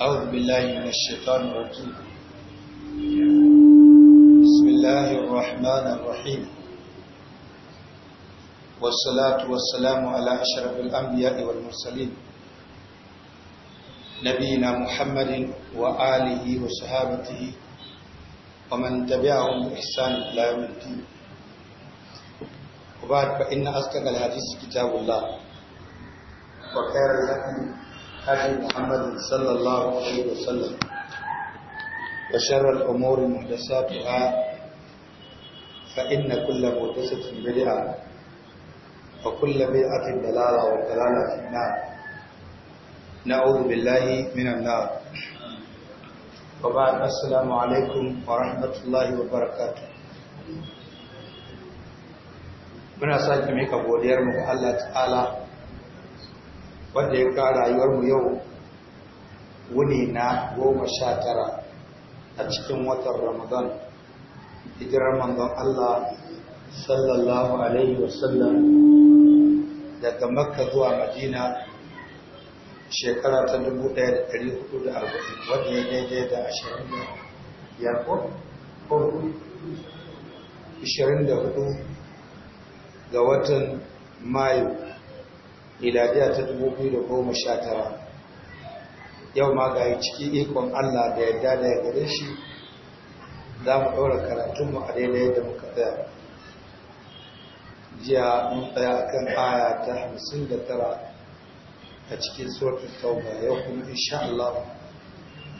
أعوذ بالله من الشيطان الرجيم بسم الله الرحمن الرحيم والصلاة والسلام على أشرف الأنبياء والمرسلين نبينا محمد وآله وصحابته ومن تبعهم بإحسان إلى يوم الدين وبعد فإن أصدق الحديث كتاب الله وخير الهدي هدي محمد صلى الله عليه وسلم وشر الأمور محدثاتها فإن كل محدثة بدعة وكل بدعة ضلالة والضلالة في النار نعوذ بالله من النار وبعد السلام عليكم ورحمة الله وبركاته muna sake mika godiyar mu ga Allah ta'ala wanda ya kawo rayuwarmu yau wuni na goma sha tara a cikin watan ramadan hijirar manzon Allah sallallahu alaihi wasallam daga makka zuwa madina shekara ta 1440 wanda ya daidai da ko 24 ga watan mayu iladiya ta da tara, yau ma ga ciki ikon Allah da yadda da ya gare shi za mu ɗaura karatunmu a daidai yadda muka tsaya jiya mun tsaya a kan aya ta tara a cikin sautin tauba yau kuma insha Allah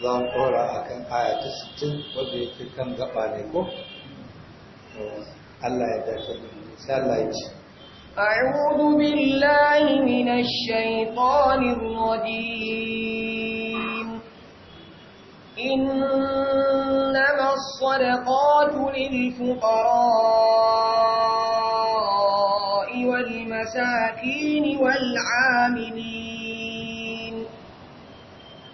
za mu ɗaura a kan aya ta 60 wadda yake kan gaba ne ko Allah ya dafa da mu sai Allah ya ci. أعوذ بالله من الشيطان الرجيم إنما الصدقات للفقراء والمساكين والعاملين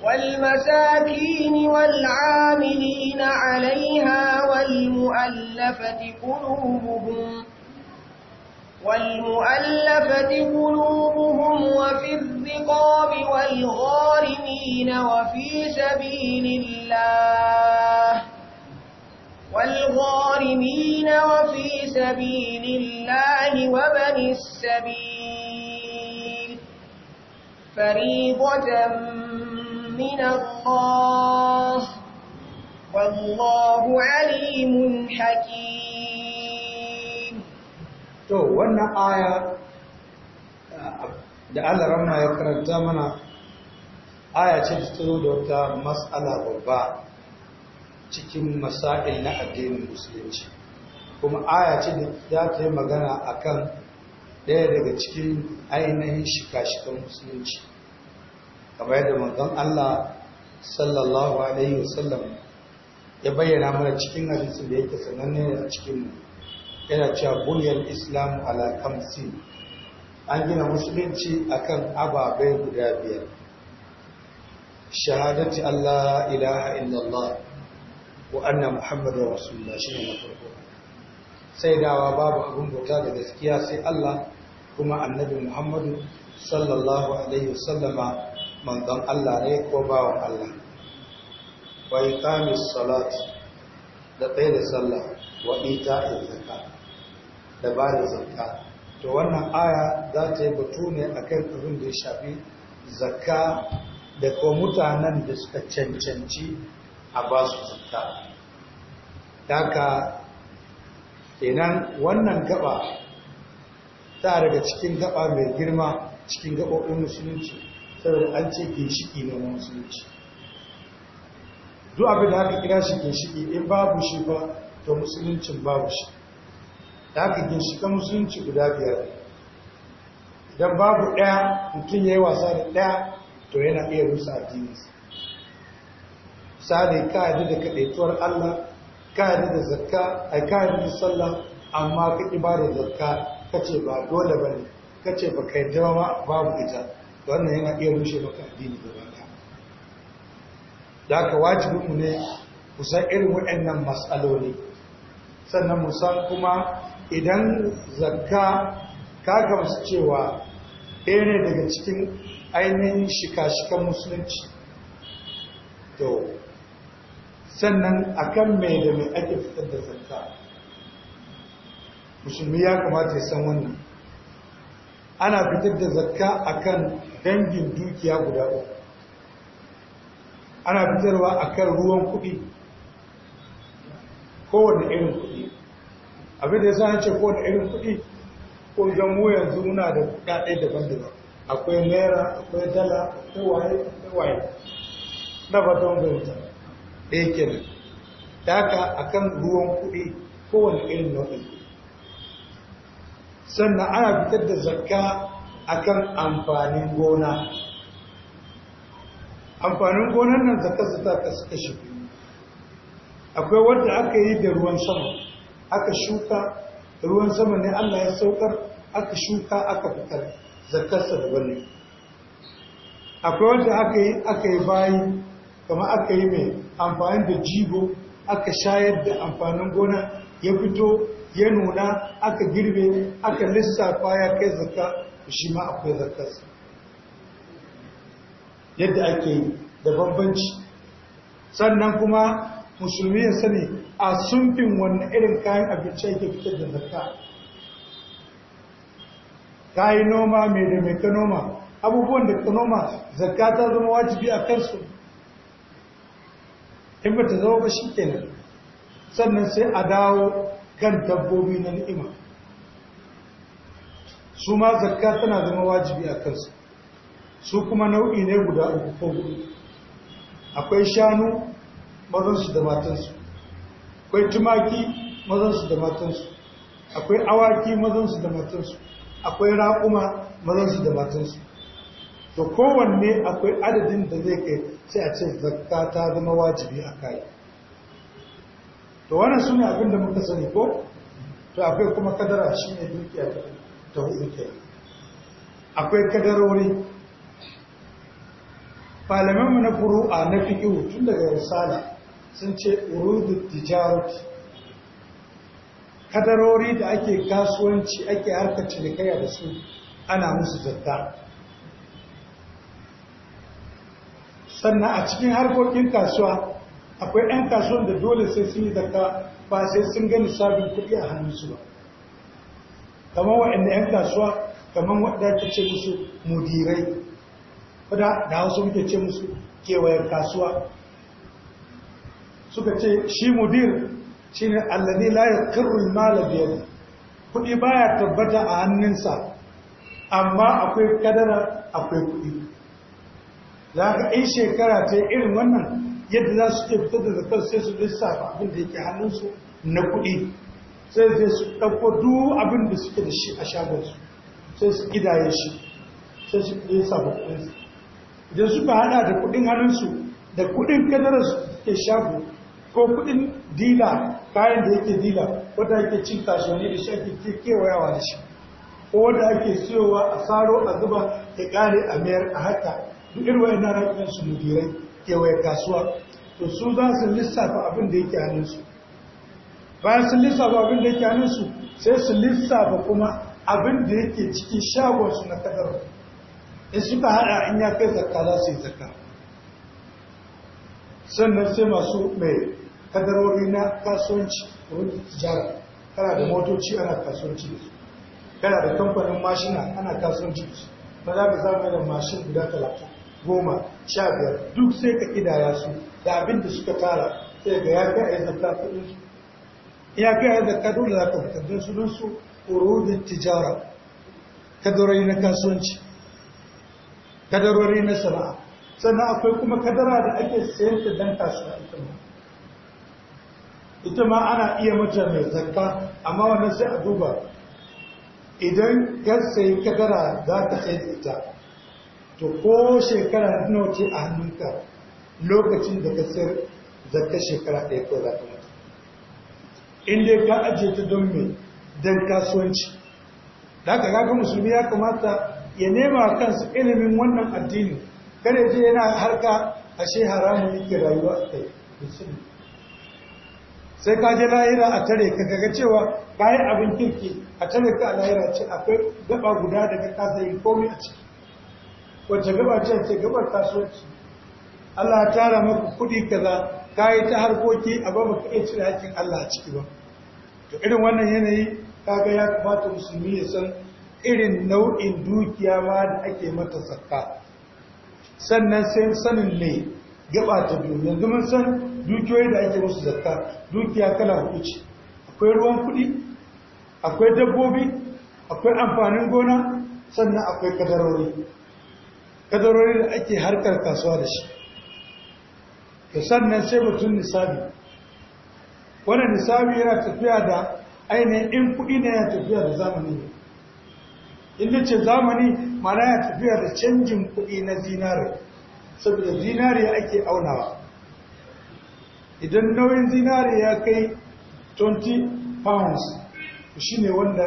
والمساكين والعاملين عليها والمؤلفة قلوبهم والمؤلفة قلوبهم وفي الرقاب والغارمين وفي سبيل الله والغارمين وفي سبيل الله وبن السبيل فريضة من الله والله عليم حكيم to wannan aya uh, da Allah ramma ya karanta mana aya ce ta tsoro da wata mas'ala babba cikin masail na addinin musulunci kuma aya ce da za ta yi magana akan ɗaya daga cikin ainihin shika-shikan musulunci kamar yadda manzon Allah sallallahu alaihi wasallam ya bayyana mana cikin hadisin da yake sananne a cikin mu yana cewa buniyar islam ala kamsin an gina musulunci akan ababai guda biyar shahadati Allah ilaha illallah wa anna muhammadar rasulullah shi ne na farko sai dawa babu abin bauta da gaskiya sai Allah kuma annabi muhammadu sallallahu alaihi wasallama manzon Allah ne ko bawan Allah wa iqamis salat da tsaye da sallah wa ita'iz zakat da ba da zakka to wannan aya za ta yi batu ne a kan abin da ya shafi zakka da ko mutanen da suka cancanci a ba su zakka daga kenan wannan gaba ta daga cikin gaba mai girma cikin gaɓoɓin musulunci saboda an ce ginshiki na musulunci duk abin da haka kira shi ginshiki in babu shi ba to musuluncin babu shi da haka ginshikan musulunci guda biyar idan babu ɗaya mutum ya yi wasa da ɗaya to yana iya rusa a addininsa misali ka yadda da kaɗaituwar allah ka yadda da zakka a ka yadda da sallah amma ka ƙi ba da zakka ka ce ba dole ba ne ka ce ba ka yadda ba babu ita da wannan yana iya rushe maka addini ba ta. da haka wajibinmu ne kusan irin waɗannan mas'aloli, sannan musan kuma idan zakka ka gamsu cewa ɗaya ne daga cikin ainihin shika-shikan musulunci to sannan kan mai da mai ake fitar da zakka musulmi ya kamata ya san wannan ana fitar da zakka akan dangin dukiya guda uku ana fitarwa akan ruwan kuɗi kowane irin kuɗi abin da ya sa ce ko da irin kuɗi ko don mu yanzu muna da kuɗaɗe daban-daban akwai naira akwai dala akwai waye akwai waye na baton don eh da yake da daga akan ruwan kuɗi kowane irin nau'in sannan ana fitar da zakka akan amfanin gona amfanin gonan nan zakka su ta kasu kashi akwai wanda aka yi da ruwan sama aka shuka ruwan sama ne Allah ya saukar aka shuka aka fitar zakarsa da wani akwai wanda aka yi aka yi bayi kama aka yi mai amfani da jigo aka shayar da amfanin gona ya fito ya nuna aka girbe aka lissafa ya kai zakka shi ma akwai zakkarsa yadda ake yi da bambanci sannan kuma musulmi ya sani a sunfin wani irin kayan abinci yake fitar da zakka ka yi noma mai da mai ka abubuwan da ka noma zakka ta zama wajibi a kansu in ba ta zama ba shi kenan sannan sai a dawo kan dabbobi na ni'ima su ma zakka tana zama wajibi a kansu su kuma nau'i ne guda uku ko hudu akwai shanu mazansu da matansu akwai tumaki mazansu da matansu akwai awaki mazansu da matansu akwai raƙuma mazansu da matansu to kowanne akwai adadin da zai kai sai a ce zakka ta zama wajibi a kai to wannan su ne abin da muka sani ko to akwai kuma kadara shi ne dukiya ta hudu ke akwai kadarori malamanmu na furu'a na fikihu tun daga risala sun ce urudu tijarut kadarori da ake kasuwanci ake harkar cinikaya da su ana musu zata sannan a cikin harkokin kasuwa akwai 'yan kasuwan da dole sai sun yi zakka ba sai sun gani sabin kuɗi a hannunsu ba kamar waɗanda 'yan kasuwa kamar waɗanda ake ce musu mudirai da hausa muke ce musu kewayen kasuwa suka ce shi mudir shi ne allani layar karul mala biyar kudi baya tabbata a hannunsa amma akwai kadara akwai kudi za ka in shekara ta irin wannan yadda za su ke fitar da zakar sai su lissa abin da yake hannunsu na kudi sai zai su ɗauko duk abin da suke da shi a shagonsu sai su gidaye shi sai su lissafa kudinsu idan suka hada da kudin hannunsu da kudin kadararsu ke shago ko kudin dila kayan da yake dila wadda yake cin kasuwanni da shi ake kewayawa da shi ko wadda ake siyowa a saro a zuba ya kare a mayar a haka duk irin yana rakunan su mudirai kewaye kasuwa to su za su lissafa abin da yake hannun su bayan su lissafa abin da yake hannun su sai su lissafa kuma abin da yake ciki shagon su na kadar in suka haɗa in ya kai zakka za su yi zakka sannan sai masu mai kadarori na kasuwanci wani tijara kana da motoci ana kasuwanci da su kana da kamfanin mashina ana kasuwanci da su ba za ka zama da mashin guda talatin goma sha biyar duk sai ka kidaya su da abin da suka tara sai ga ya kai a yi su ya kai a yi zakka dole za ka su don su urudin tijara kadarori na kasuwanci kadarori na sana'a sannan akwai kuma kadara da ake sayar da dan kasuwa ita ma ita ma ana iya mata mai zakka amma wannan sai a duba idan yar sayi kadara za ta sai da ita to ko shekara nawa ce a hannunka lokacin da ka sayar zakka shekara ɗaya ko za ka mata in dai ka ajiye ta don me don kasuwanci da ka kaga musulmi ya kamata ya nema kansu ilimin wannan addini kada je yana harka ashe haramun yake rayuwa a kai musulmi sai ka je lahira a tare ka kaga cewa bayan abin kirki a tare ka a lahira ce akwai gaba guda daga kasa yin komai a ciki wacce gaba ce ce gabar kasuwanci Allah ya tara maka kuɗi kaza ka yi ta harkoki a ba ka iya cire hakkin Allah a ciki ba to irin wannan yanayi kaga ya kamata musulmi ya san irin nau'in dukiya ma da ake mata zakka sannan sai sanin mai gaba ta biyu yanzu mun san dukiyoyi da ake musu zakka dukiya kala hudu ce akwai ruwan kuɗi akwai dabbobi akwai amfanin gona sannan akwai kadarori kadarori da ake harkar kasuwa da shi da sannan sai mutum nisabi wannan nisabi yana tafiya da ainihin in kuɗi ne yana tafiya da zamani ne in ce zamani mana yana tafiya da canjin kuɗi na zinare saboda zinare ake aunawa idan nauyin zinari ya kai 20 pounds shi ne wanda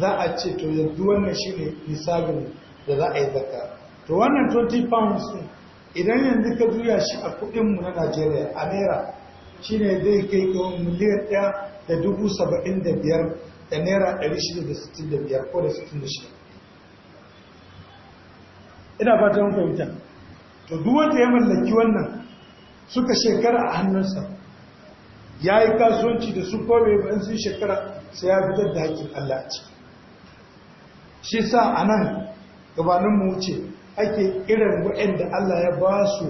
za a ce to yanzu wannan shi ne nisabin da za a yi zaka to wannan 20 pounds ne, idan yanzu ka juya shi a kuɗinmu na najeriya a naira shi ne zai kai miliyan ɗaya da dubu saba'in da biyar da naira ɗari shida da sittin da biyar ko da sittin da shida ina fatan wuta. to duk wanda ya mallaki wannan suka shekara a hannunsa ya yi kasuwanci da su kome bayan sun shekara sai ya fitar da haƙƙin Allah a ciki shi sa a nan gabanin mu wuce ake irin waɗanda Allah ya ba su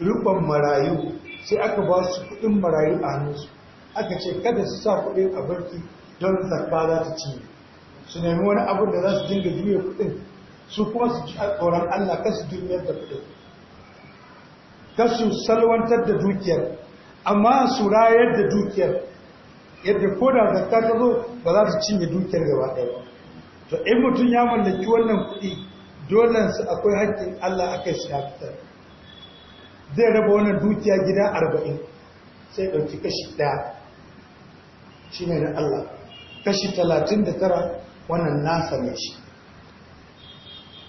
rikon marayu sai aka ba su kuɗin marayu a hannunsu aka ce kada su sa kuɗin a barki don zarfa za ta ci. su nemi wani abin da za su dinga juya kuɗin su kuma su ci a tsoron Allah kasu duniyar da kuɗin kasu salwantar da dukiyar amma su rayar da dukiyar yadda ko da zakka ta zo ba za ta cinye dukiyar gaba ɗaya ba to in mutum ya mallaki wannan kuɗi dole su akwai haƙƙin Allah aka shi ya fitar zai raba wannan dukiya gida arba'in sai ɗauki kashi ɗaya shi ne na Allah kashi talatin da tara wannan nasa ne shi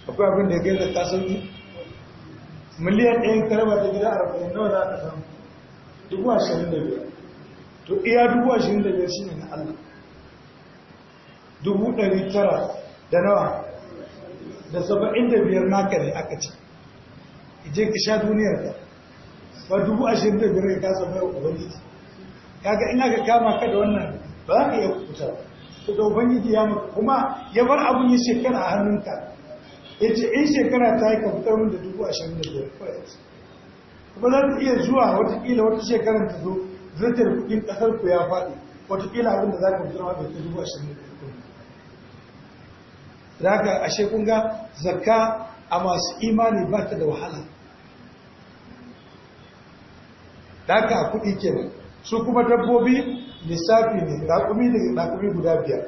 akwai abin da ya gaisa ta sauki miliyan ɗaya karba da gida arba'in nawa za ka samu dubu ashirin da biyar to iya dubu ashirin da biyar shine na Allah dubu ɗari tara da nawa da saba'in da biyar naka ne aka ce ije ka sha duniyar ka ba dubu ashirin da biyar ka zama yau ubangiji kaga ina ka kama ka da wannan ba za ka iya kuta to da ubangiji ya maka kuma ya bar abun yi shekara a hannunka ya ce in shekara ta yi ka da dubu ashirin da biyar kawai kuma za iya zuwa watakila wata shekarar ta zo zartar kudin kasar ku ya faɗi watakila abin da za ka mutu da ta zuwa shirin da da aka ashe kunga ga zakka a masu imani ba ta da wahala da aka kudi ke nan su kuma dabbobi lissafi ne raƙumi da raƙumi guda biyar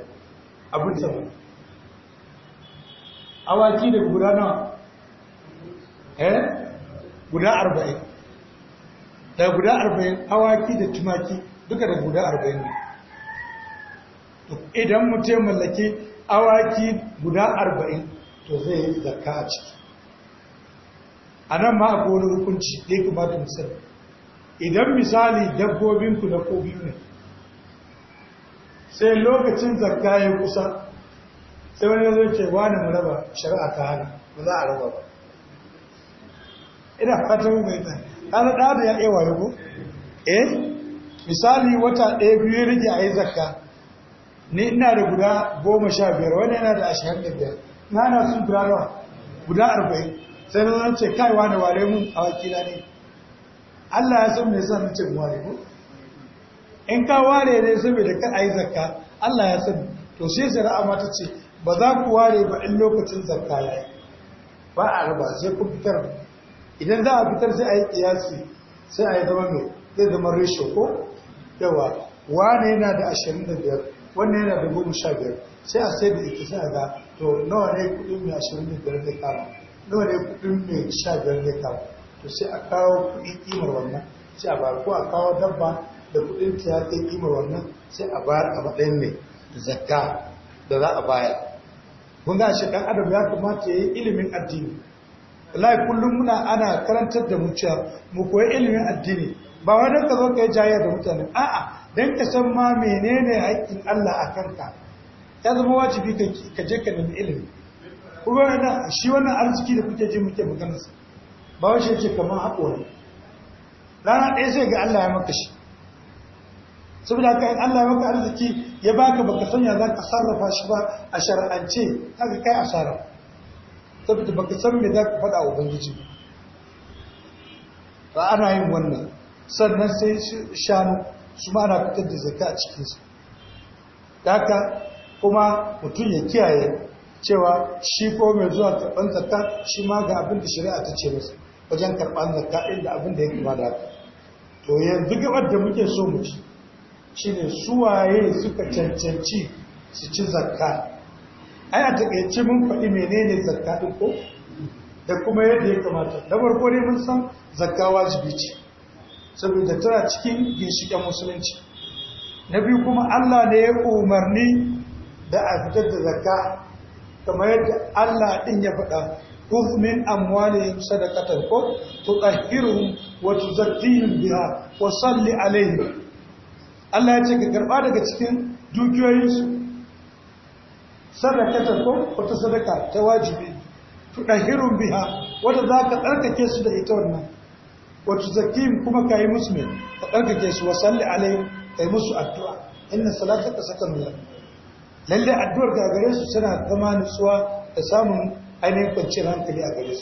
abin ba awaki da guda nawa eh guda arba'in da guda arba'in awaki da tumaki duka da guda arba'in ne idan mutum ya mallaki awaki guda arba'in to zai yi zakka a ciki a nan ma a wani hukunci ɗaya kuma da misali idan misali dabbobinku na ko biyu ne sai lokacin zakka ya kusa sai wani zai ce wani mu raba shari'a ta hana ba za a raba ba ina fatan mai tsari ɗana ɗada ya ɗewa ko? eh misali wata ɗaya biyu ya rage a yi zakka ni ina da guda goma sha biyar wani yana da ashirin da biyar na na sun guda nawa guda arba'in sai na zance ce kaiwa da ware mu a wakila ne Allah ya san me yasa nace ware ko in ka ware ne saboda ka a yi zakka Allah ya san to sai shari'a ma ce ba za ku ware ba in lokacin zakka yi?' ba a raba sai ku fitar idan za a fitar sai a yi kiyasi sai a yi zama mai zai zama ratio ko yawa wane yana da ashirin da biyar yana da goma sha biyar sai a sai da ita sai a ga to nawa ne kudin mai ashirin da biyar kama nawa ne kudin mai sha biyar kama to sai a kawo kudin kimar wannan sai a bayar ko a kawo dabba da kudin ta ya kai kimar wannan sai a bayar a madan mai zakka da za a bayar kun ga shi dan adam ya kamata ya yi ilimin addini lai kullum muna ana karantar da mutuwa mu koyi ilimin addini ba wai don ka zo ka yi da mutane a'a dan ka san ma menene haƙƙin Allah a kanka ya zama wajibi ka je ka nemi ilimi kuma da shi wannan arziki da kuke ji muke magana sa ba wai shi yake kamar haƙori rana ɗaya sai ga Allah ya maka shi saboda haka in Allah ya maka arziki ya baka baka sanya za ka sarrafa shi ba a shar'ance haka kai asara saboda baka san me za ka faɗa wa ubangiji ba ana yin wannan sannan sai shanu su ma ana fitar da zaka a cikinsu da haka kuma mutum ya kiyaye cewa shi ko mai zuwa karɓar zaka shi ma ga abin da shari'a ta ce masa wajen karɓar zaka inda abin da ya kuma da haka to yanzu gabar da muke so mu ci shine suwaye suka cancanci su ci zakka ai a takaice mun faɗi menene zakka din ko da kuma yadda ya kamata da farko ne mun san zakka wajibi ce saboda tana cikin ginshiƙen musulunci na biyu kuma Allah ne ya umarni da a fitar da zakka kamar yadda Allah din ya faɗa خذ من أموالهم wa تطهرهم biha wa salli عليهم Allah ya ce ka karba daga cikin dukiyoyinsu ta ko wata sadaka ta wajibi tudahirun biha wanda zaka tsarkake su da ita wannan wato zakim kuma kai musulmi ka tsarkake su wa salli alai kai musu addu'a inna ka saka lahum lalle addu'ar ga gare su suna zama nutsuwa da samun ainihin kwanciyar hankali a gare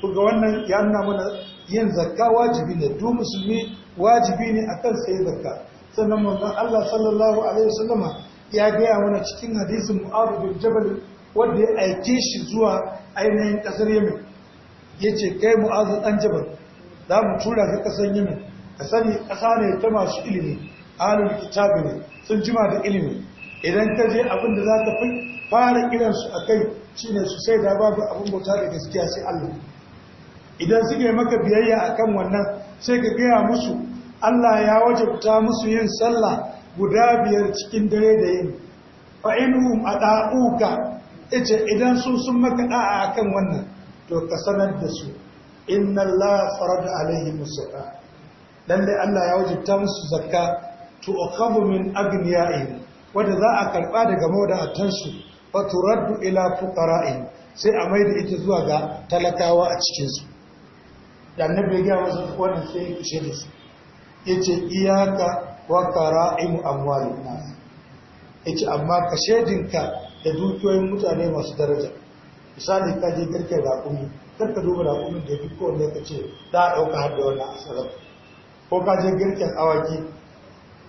su ga wannan ya nuna mana yin zakka wajibi ne duk musulmi wajibi ne akan sai zakka sannan manzon Allah sallallahu alaihi wasallama ya gaya wani cikin hadisin mu'adu jabal wanda ya aike shi zuwa ainihin ƙasar yamin, ya ce kai mu'azu ɗan jabal za mu tura ka kasar yamin, ka sani ƙasa ne ta masu ilimi alul kitabi ne sun jima da ilimi idan ka je abin da za ka fi fara kiransu a kai shine su sai da babu abin bauta da gaskiya sai allah idan suke maka biyayya akan wannan sai ka gaya musu Allah ya wajabta musu yin sallah guda biyar cikin dare da yin fa'inhum a ɗa'uka ita idan sun sun maka ɗa'a a kan wannan to ka sanar da su inna Allah farada alaihi musu'a lalle Allah ya ta musu zakka to a uqabu min agniya'in Wadda za a karɓa daga a tansu, fa turaddu ila fuqara'in sai a mai da ita zuwa ga talakawa a cikinsu. da annabi ya gaya wasu wannan sai ya kushe da su iya iyaka wa qara'im amwalun nas ce amma ka shedinka da dukiyoyin mutane masu daraja misali ka je garke raƙumi kar ka duba raƙumin da ya fi kowanne ka ce za a ɗauka har da wannan asarar ko ka je garken awaki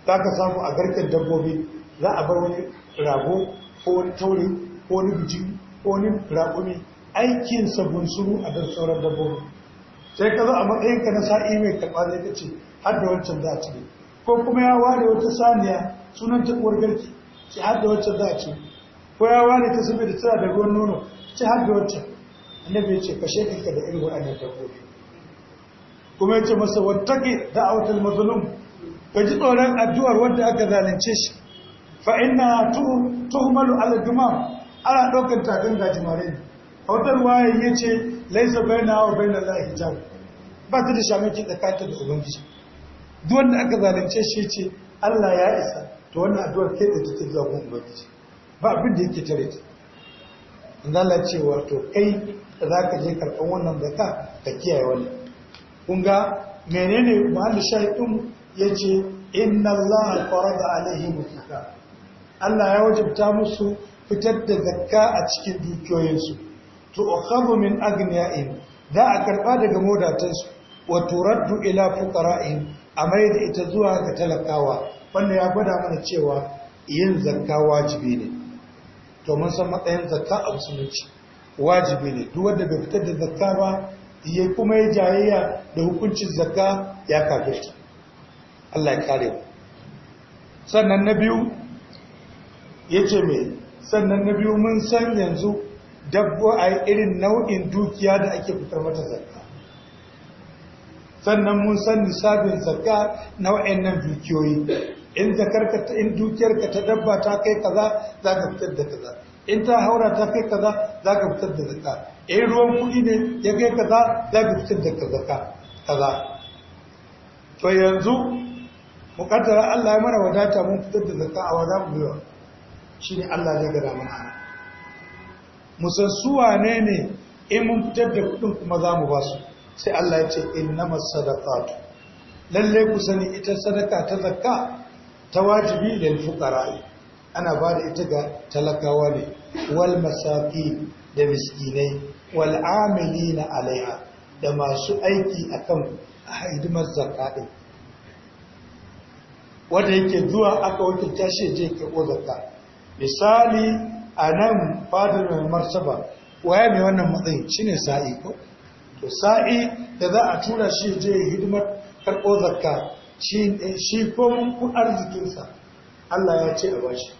za ka samu a garken dabbobi za a bar wani rago ko wani taurin ko wani bijin ko wani raƙumi aikin sabon suru a dan sauran dabbobi sai ka zo a matsayinka na sa'i mai karɓa da ka ce har da wancan za a cire ko kuma ya ware wata saniya sunan ta uwar garki ki hadda wacce za ki ko ya ware ta saboda tana da ruwan nono ki hadda wacce annabi ce ka shekarka da irin wa'annan dabbobi kuma ya masa wattaki da'awatul mazlum ka ji tsoron addu'ar wanda aka zalunce shi fa inna tuhmalu ala dumam ana daukar takan gajimare ne a wata ruwaya ya ce laisa bayna wa bayna hijab ba ta da shamaki tsakanin da ubangiji duwan da aka zalunce shi ce Allah ya isa to wannan addu'ar ke da take zuwa ubangiji ba abin da yake tare ta inda Allah ce wato kai za ka je karɓar wannan zaka ka kiyaye wannan kun ga menene mahalli shahidin ya ce inna Allah farada alaihim zakka Allah ya wajibta musu fitar da zakka a cikin dukiyoyinsu to ukhadhu min in, za a karɓa daga modatansu wa turaddu ila fuqara'ihim a mai da ita zuwa ga talakawa wanda ya gwada mana cewa yin zakka wajibi ne to mun san matsayin zakka a musulunci wajibi ne duk wanda bai fitar da zakka ba ya kuma ya jayayya da hukuncin zakka ya kafirta Allah ya kare mu sannan na biyu yace me sannan na biyu mun san yanzu dabbo a irin nau'in dukiya da ake fitar mata zakka sannan mun san nisabin zakka na nan dukiyoyi in zakarka in dukiyarka ta dabba ta kai kaza ka fitar da kaza in ta haura ta kai kaza ka fitar da zakka in ruwan kuɗi ne ya kai kaza ka fitar da zakka kaza to yanzu muƙaddara Allah ya mana wadata mun fitar da zakka a mu biyu shine Allah zai gada mana musan suwa ne ne in mun fitar da kuɗin kuma za mu ba su sai Allah ya ce ma sadaqatu lalle ku sani ita sadaka ta zakka ta wajibi lil fuqara ana ba da ita ga talakawa ne wal masaki da miskinai wal amilina alaiha da masu aiki akan hidimar zakka din wanda yake zuwa aka wakilta shi je ke ko zakka misali anan nan fadar martaba waye mai wannan matsayi shine sa'i ko to sa'i da za a tura shi je hidimar karɓo zakka shi mun ku arzikinsa Allah ya ce a bashi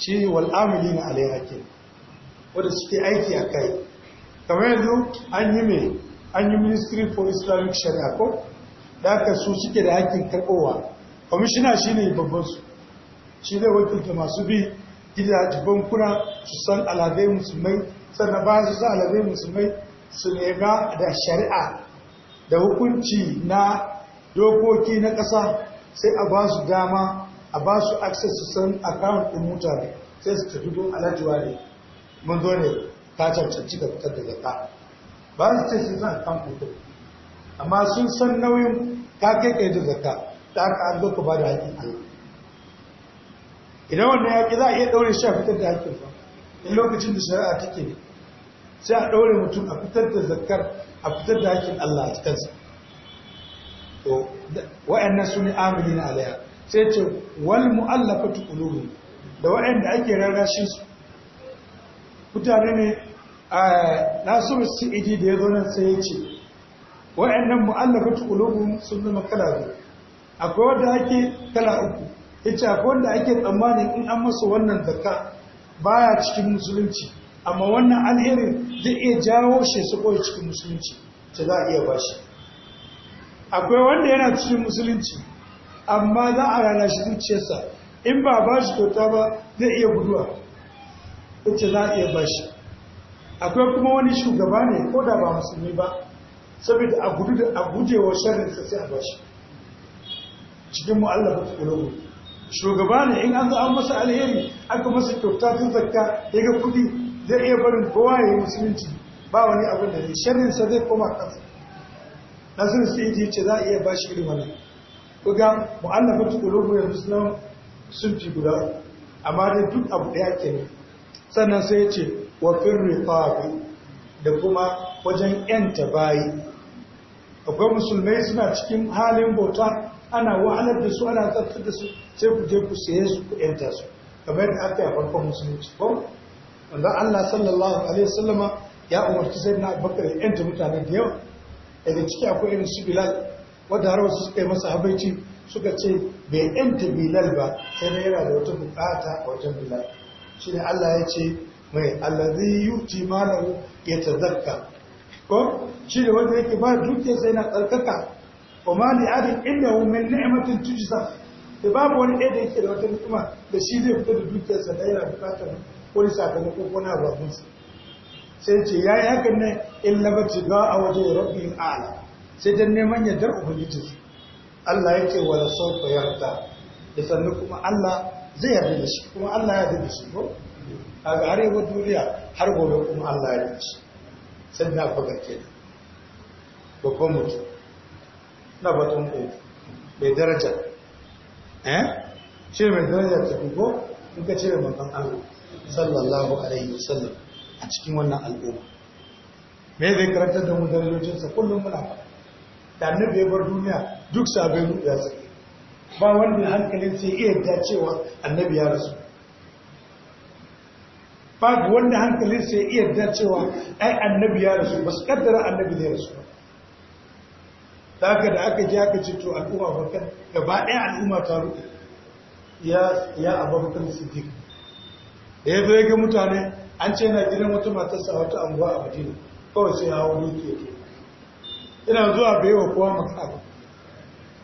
shi amilin na alaihake wanda suke aiki a kai kamar yanzu an yi me an yi ministry for islamic shari'a ko da su suke da hakkin karɓowa kwamishina shi ne babban su shi zai wakilta masu bi gida bankuna su san aladai musulmai sannan bayan su salabe musulmai su nema da shari'a da hukunci na dokoki na ƙasa sai a ba su dama a ba su access su san account ɗin mutane sai su tafi don alajuwa ne mun zo ne ta cancanci ga fitar da zaka ba su ce sun san account ɗin amma sun san nauyin ka kai kai da zaka da aka an zo ka ba da haƙƙin Allah idan wannan yaƙi za a iya ɗaure shi a fitar da haƙƙin sa in lokacin da shari'a take sai a ɗaure mutum a fitar da zakar a fitar da haƙƙin Allah a cikinsa to wa'annan su ne amini na alaya sai ce wal mu'allafa qulubu da wa'anda ake rarrashin su mutane ne a su iji da ya zo nan sai ya ce wa'annan mu'allafa qulubu sun zama kala biyu akwai wanda ake kala uku Ya ce akwai wanda ake tsammanin in an masa wannan zakka baya cikin musulunci amma wannan alherin zai iya jawo shi su koyi cikin musulunci ta za a iya ba shi akwai wanda yana cikin musulunci amma za a rana shi zuciyarsa in ba ba shi kyauta ba zai iya guduwa ita za a iya ba shi akwai kuma wani shugaba ne ko da ba musulmi ba saboda a guje wa sharrinsa sai a ba shi cikin mu'allafa tukulubu shugaba ne in an zo masa alheri aka masa kyauta tun zakka ya ga kuɗi zai iya barin kowa ya yi musulunci ba wani abin da zai sa zai koma kansa nasiru sai ce za a iya ba shi irin ƙuga kuga mu'allafa tukulubu yanzu suna sun fi guda amma dai duk abu ɗaya ke ne sannan sai ce wa firri da kuma wajen yanta bayi akwai musulmai suna cikin halin bauta ana wahalar da su ana tsaftar da su sai ku je ku saye su ku yanta su kamar da aka yi a farkon musulunci ko wanda Allah sallallahu alaihi wasallama ya umarci sai na bakar ya yanta mutane da yawa daga ciki akwai irin su bilal wadda har wasu suka yi masa habaici suka ce bai yanta bilal ba sai na yana da wata bukata a wajen bilal shi ne Allah ya ce mai allazi yuti malahu ya tazarka ko shi ne wanda yake ba dukiyarsa yana tsarkaka wa ma ni adin innahu min ni'matin tujza da babu wani ɗaya da yake da wata nutuma da shi zai fita da dukiyarsa da yana bukatar wani sakamakon ko na sai ce ya yi hakan nan in labarci ga a waje rabin ala sai dan neman yadda ubangijinsa Allah yake wala son yarda da sannu kuma Allah zai yarda da shi kuma Allah ya yarda da shi ko a ga arewa duniya har gobe kuma Allah ya da shi sai na faga kenan babban mutum na batun ko mai daraja shi eh? mai daraja ta ko in ka mai mafan Allah sallallahu alaihi wasallam a cikin wannan al'umma me zai karanta da mu darajocinsa kullum muna faɗa da annabi ya bar duniya duk sabon ya su ba wanda hankalin sai iya yadda cewa annabi ya rasu Ba wanda hankalin sai iya yadda cewa ai annabi ya rasu ba su kaddara annabi zai rasu ba ta haka da aka ji aka ce to al'umma bakar gaba ɗaya al'umma ta ruɗe ya abubakar siddiq da ya zo ga mutane an ce na gidan wata matarsa wata anguwa a madina kawai sai hawa ke ke ina zuwa bai wa kowa makabu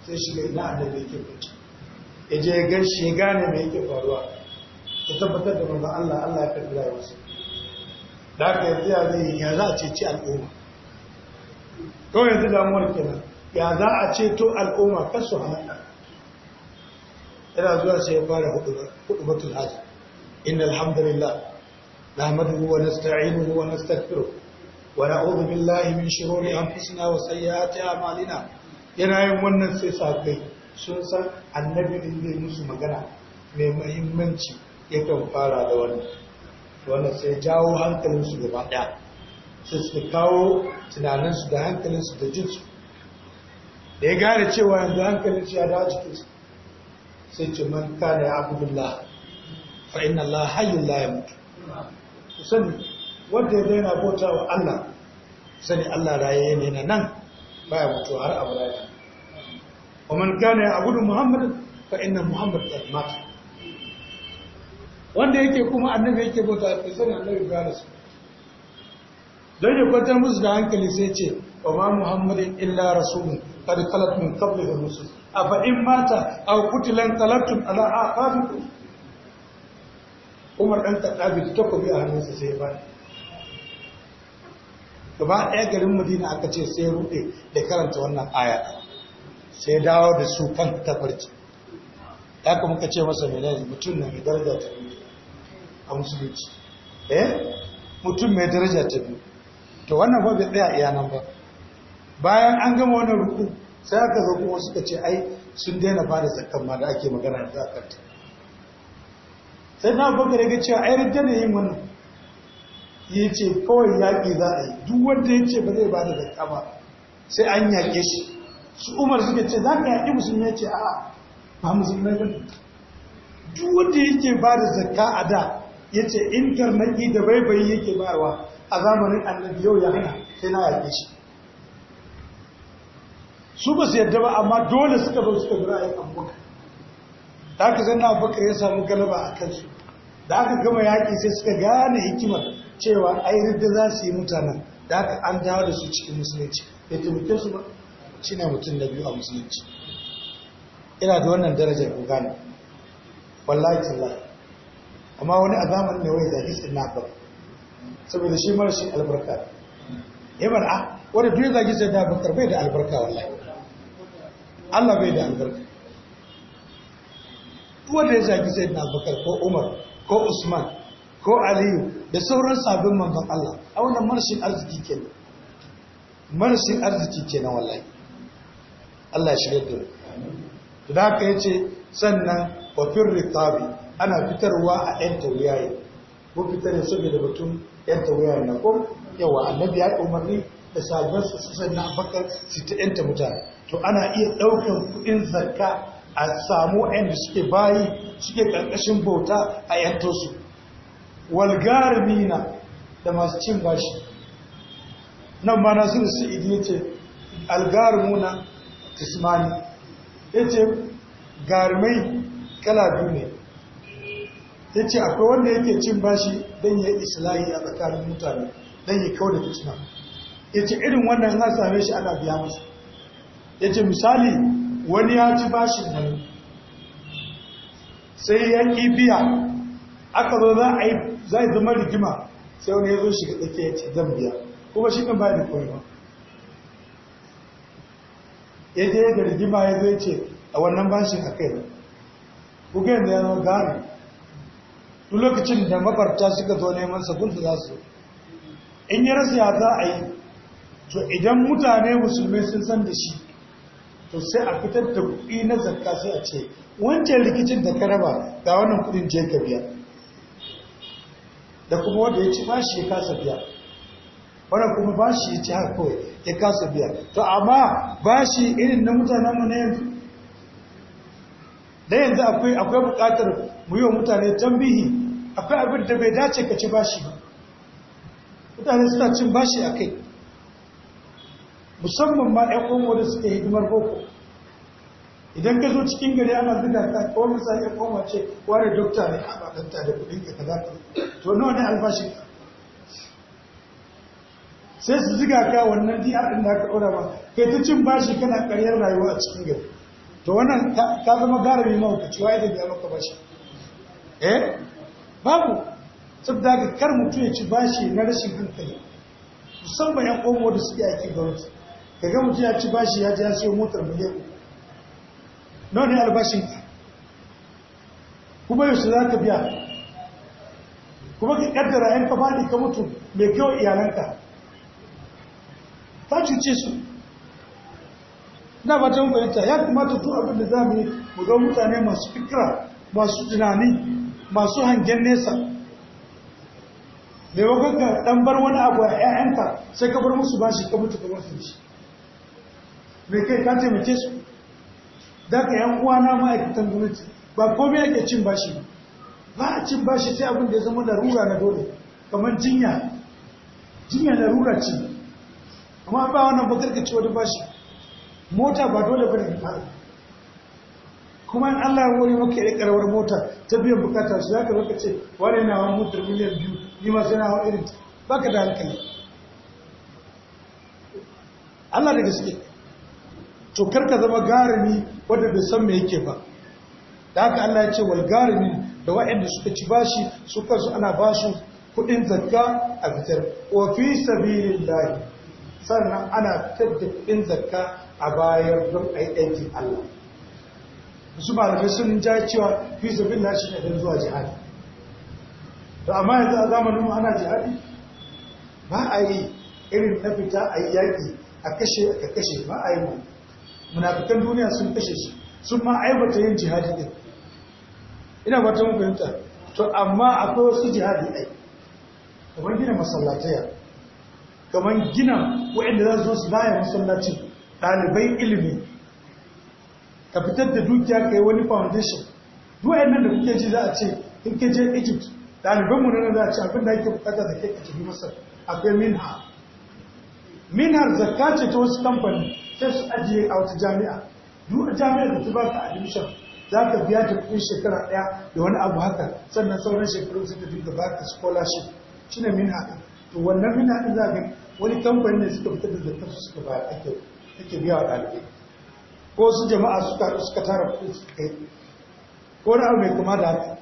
sai shiga ina annabi yake kwanci ya je ya gan shi ya gane mai yake faruwa ya tabbatar da manzon Allah Allah ya karbi rayuwarsa da aka yanzu ya zai ya za a ce ci al'umma kawai yanzu damuwar kenan ya za a ceto al'umma kar su yana zuwa sai ya fara batun hajj inna alhamdulillah nahmaduhu wa nasta'inuhu wa nastaghfiruh wa na'udhu billahi min shururi anfusina wa sayyiati a'malina yana yin wannan sai sakai sun san annabi din zai musu magana mai muhimmanci yakan fara da wannan wannan sai jawo hankalinsu gaba daya sai su kawo tunaninsu da hankalinsu da jinsu da ya gane cewa yanzu hankalin shi ya dawo cikin shi sai ce man kana ya abdullah fa inna allah hayyul la yamut ku sani wanda ya daina bauta wa allah sani allah raye ne na nan baya mutu har raye wa man kana ya abudu muhammad fa inna muhammad ya mata wanda yake kuma annabi yake bauta ku sani annabi ya su, don ya kwantar musu da hankali sai ce وما محمد إلا رسول قد خلت من قبله الرسل أفإن مات أو قتل انقلبتم على أعقابكم Umar ɗan taɗabi ta ku bi a hannunsa sai ba gaba ɗaya garin madina aka ce sai ruɗe da karanta wannan aya sai dawo da su kan tafarci ya kuma ka ce masa mai mutum na mai daraja ta biyu a musulunci eh mutum mai daraja ta biyu to wannan ba bai tsaya iya nan ba bayan an gama wannan ruku sai aka zo kuma suka ce ai sun daina ba da ma da ake magana da ta. sai na bakar ga cewa ai rijja ne yin wannan ya ce kawai yaƙi za a yi duk wanda ya ce ba zai ba da zakka ba sai an yaƙe shi su umar suka ce za ka yaƙi musulmi ya ce a ba musulmi ba ne duk wanda yake ba da zakka a da ya ce in karnaki da baibayi yake bayarwa a zamanin annabi yau ya hana sai na yaƙe shi su ba su yadda ba amma dole suka zo suka bira yin abubakar da aka zanna abubakar ya samu galaba a kansu da aka gama yaƙi sai suka gane hikimar cewa ai ridda za su yi mutanen da aka an dawo da su cikin musulunci bai taimake su ba shi ne mutum na biyu a musulunci ina da wannan darajar ku gane wallahi tallahi amma wani a zamanin ne wai zaki tsinna ba saboda shi mara shi albarka yaman a ah, wani duk zaki sai da bakar bai da albarka wallahi Allah bai da albarka wanda ya zagi zai na bakar ko umar ko usman ko aliyu da sauran sabbin manzan Allah a wannan marshin arziki kenan Marshin arziki kenan wallahi Allah ya shirya dole. da haka ya ce sannan wa firriqabi ana fitarwa a ‘yan tawiyaye ko fitar da saboda batun ‘yan tawiyaye na ko yawa annabi ya umarni da sabbin su na bakar su ta ɗanta mutane to ana iya daukan kuɗin zakka a samu da suke bayi suke ƙarƙashin bauta a yantosu su walgarmina da masu cin bashi nan ma su sa'idi ya ce algarmuna tismani ya ce garmai kala biyu ne ya ce akwai wanda yake cin bashi don ya yi islahi a tsakanin mutane don ya kawo da fitina ya ce irin wannan na same shi ana biya masu ya ce misali wani ya ci bashin nan sai ya ƙi biya aka zo za a yi za a zama rigima sai wani ya zo shiga tsakiya ya ce zan biya kuma shi kan bayan da kawai ba ya je da rigima ya zo ya ce a wannan bashin a kai kuka yanzu ya zama gari duk lokacin da mafarta suka zo neman sabunta za su in yi rasa ya za a yi to idan mutane musulmai sun san da shi to sai a fitar da kuɗi na zarka sai a ce wancan rikicin da karaba raba ga wannan kuɗin je ka biya da kuma wanda ya ci shi ya kasa biya wanda kuma bashi ya ci har kawai ya kasa biya to amma bashi irin na mutanen mu na yanzu da yanzu akwai akwai buƙatar mu yi wa mutane tambihi akwai abin da bai dace ka ci bashi ba mutane suna cin bashi a kai musamman ma ‘yan ƙwanwa da suke hidimar boko idan ka zo cikin gari ana zuga ta ko misali ya koma ce ware dokta ne a baɗanta da kudin ka kaza ka to nawa ne albashi ka sai su zuga ka wannan diyar ɗin da ka ɗora ba kai ta cin bashi kana ƙaryar rayuwa a cikin gari to wannan ka zama garabi mahaukaci wa idan ya maka bashi eh babu saboda ga kar mutum ya ci bashi na rashin hankali musamman ‘yan ƙwanwa da suke aiki gwamnati kaga mutum ya ci bashi ya ji ya siyo motar mu uku nawa ne albashin ka kuma yaushe za ka biya kuma ka kaddara yan faɗi ka mutu mai kyau iyalanka ta cuce su na ba ta fahimta ya kamata tun abin da za mu yi mu ga mutane masu fikira masu tunani masu hangen nesa mai wakanka ɗan bar wani abu a 'ya'yanka sai ka bar musu bashi ka mutu ka mafi shi mai kai ka taimake su da ka yan uwana ma'aikatan gwamnati ba komai ake cin bashi ba a cin bashi sai abin da ya zama larura na dole kamar jinya jinya larura ce amma ba wannan ba karka ci wani bashi mota ba dole ba da fara kuma in Allah ya wani maka yi karawar mota ta biyan bukata su ya ka ce wani na wani motar miliyan biyu ni ma sai na hawa irin baka da hankali Allah da gaske to karka zama garimi wanda bai san me yake ba da haka Allah ya ce wal garimi da waɗanda suka ci bashi su kansu ana basu kuɗin zakka a fitar wa fi sabilillah sannan ana fitar da kudin zakka a bayar don ai Allah su da sun ja cewa fi sabilillah shi ne zuwa jihadi to amma yanzu a zamanin mu ana jihadi ba a yi irin na fita a yaki a kashe a kashe ba a yi mu munafikan duniya sun kashe shi sun ma aibata yin jihadi ɗin. ina ba ta mun fahimta to amma akwai wasu jihadi ɗai kamar gina masallataya kamar gina waɗanda za su su baya masallaci ɗalibai ilimi ka fitar da dukiya ka yi wani foundation duwayen nan da kuke ji za a ce in ke je egypt ɗaliban mu nan za a ce abin da ake bukata da ke ka tafi masar akwai minha minhar zakka ce ta wasu kamfani sai su ajiye a wata jami'a duk jami'ar da ta ba ta admission za ka biya ta kuɗin shekara ɗaya da wani abu haka sannan sauran shekaru su tafi da baka scholarship shi ne min haka to wannan min haka za ga wani kamfani ne suka fitar da zartar su suka bayar ake biya wa ɗalibai ko su jama'a suka tara kuɗi su kai ko na abu mai kuma da haka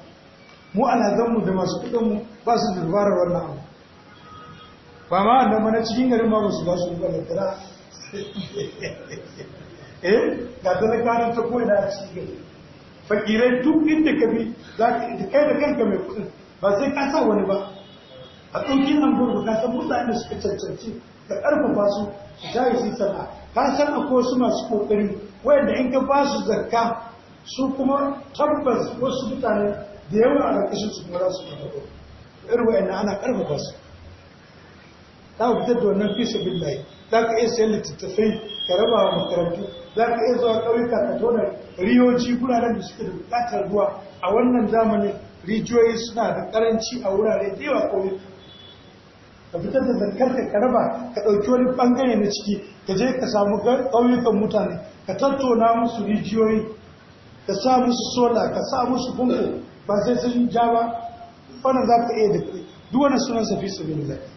mu mu da masu kuɗinmu ba su da dabarar wannan abu ba ma wannan mana cikin garin ma ba su ba su ba da eh ga talakawa ta koyi da shi gaba fakirai duk inda ka bi za ka kai da kanka mai kudin ba sai ka san wani ba a ɗauki an gurgu ka san mutane suka cancanci ka ƙarfafa su su jaye su sana ka san akwai wasu masu kokari wayanda in ka ba su zakka su kuma tabbas wasu mutane da yawa a ƙarƙashin su kuma za su farfaɗo irin wayanda ana ƙarfafa su ta fitar da wannan fi sabillahi za ka iya sayan littattafai ka raba wa makarantu za ka iya zuwa ƙauyuka ka tona riyoji guraren da suke da buƙatar ruwa a wannan zamanin rijiyoyi suna da ƙaranci a wurare da yawa ƙauyuka ka fitar da zarkar ka raba ka ɗauki wani ɓangare na ciki ka je ka samu ƙauyukan mutane ka tattauna musu rijiyoyi ka sa musu sola ka sa musu famfo ba sai sun ja ba wannan za ka iya da duk wani sunan safi sabi da zaki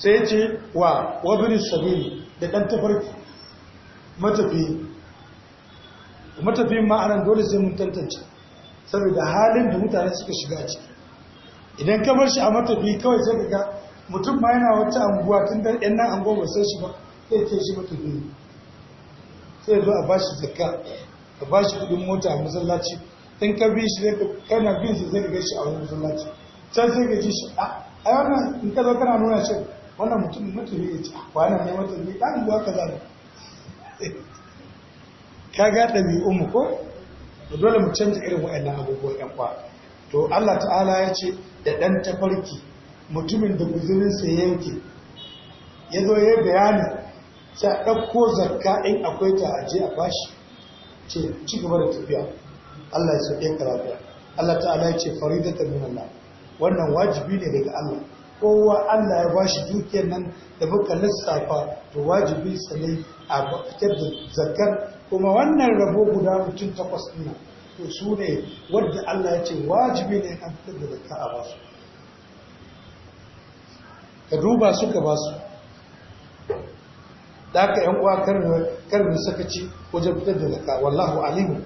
sai ce wa wabirin sabiri da ɗan tafarki matafi matafi ma'anan dole sai mun tantance saboda halin da mutane suka shiga ciki idan ka bar shi a matafi kawai sai ga mutum ma yana wata anguwa tun da yan nan anguwa ba sai shi ba sai ce shi matafi sai zo a bashi zakka a bashi kudin mota a masallaci in ka bi shi kana bin shi zai ga shi a wani masallaci can sai ga ji shi a ah, a wannan in ka zo kana nuna shi wannan mutum mutum ya ce kwanan ne mutum ne ɗan zuwa ka zaɓi ka ga ɗabi'un mu ko da dole mu canza irin waɗannan abubuwan ƴan kwa to Allah ta'ala ya ce da ɗan tafarki mutumin da guzurin ya yanke ya zo ya bayani sai a ɗauko zakka in akwai ta aje a bashi ce ci gaba da tafiya Allah ya sauke ka lafiya Allah ta'ala ya ce faridatan min Allah wannan wajibi ne daga Allah kowa Allah ya ba shi dukiyar nan da muka lissafa to wajibi tsanai a fitar da zakar kuma wannan rabo guda mutum takwas ɗin to su ne wadda Allah ya ce wajibi ne an fitar da zakka a basu ka duba suka basu da aka yan uwa karni sakaci wajen fitar da zakka wallahu alimu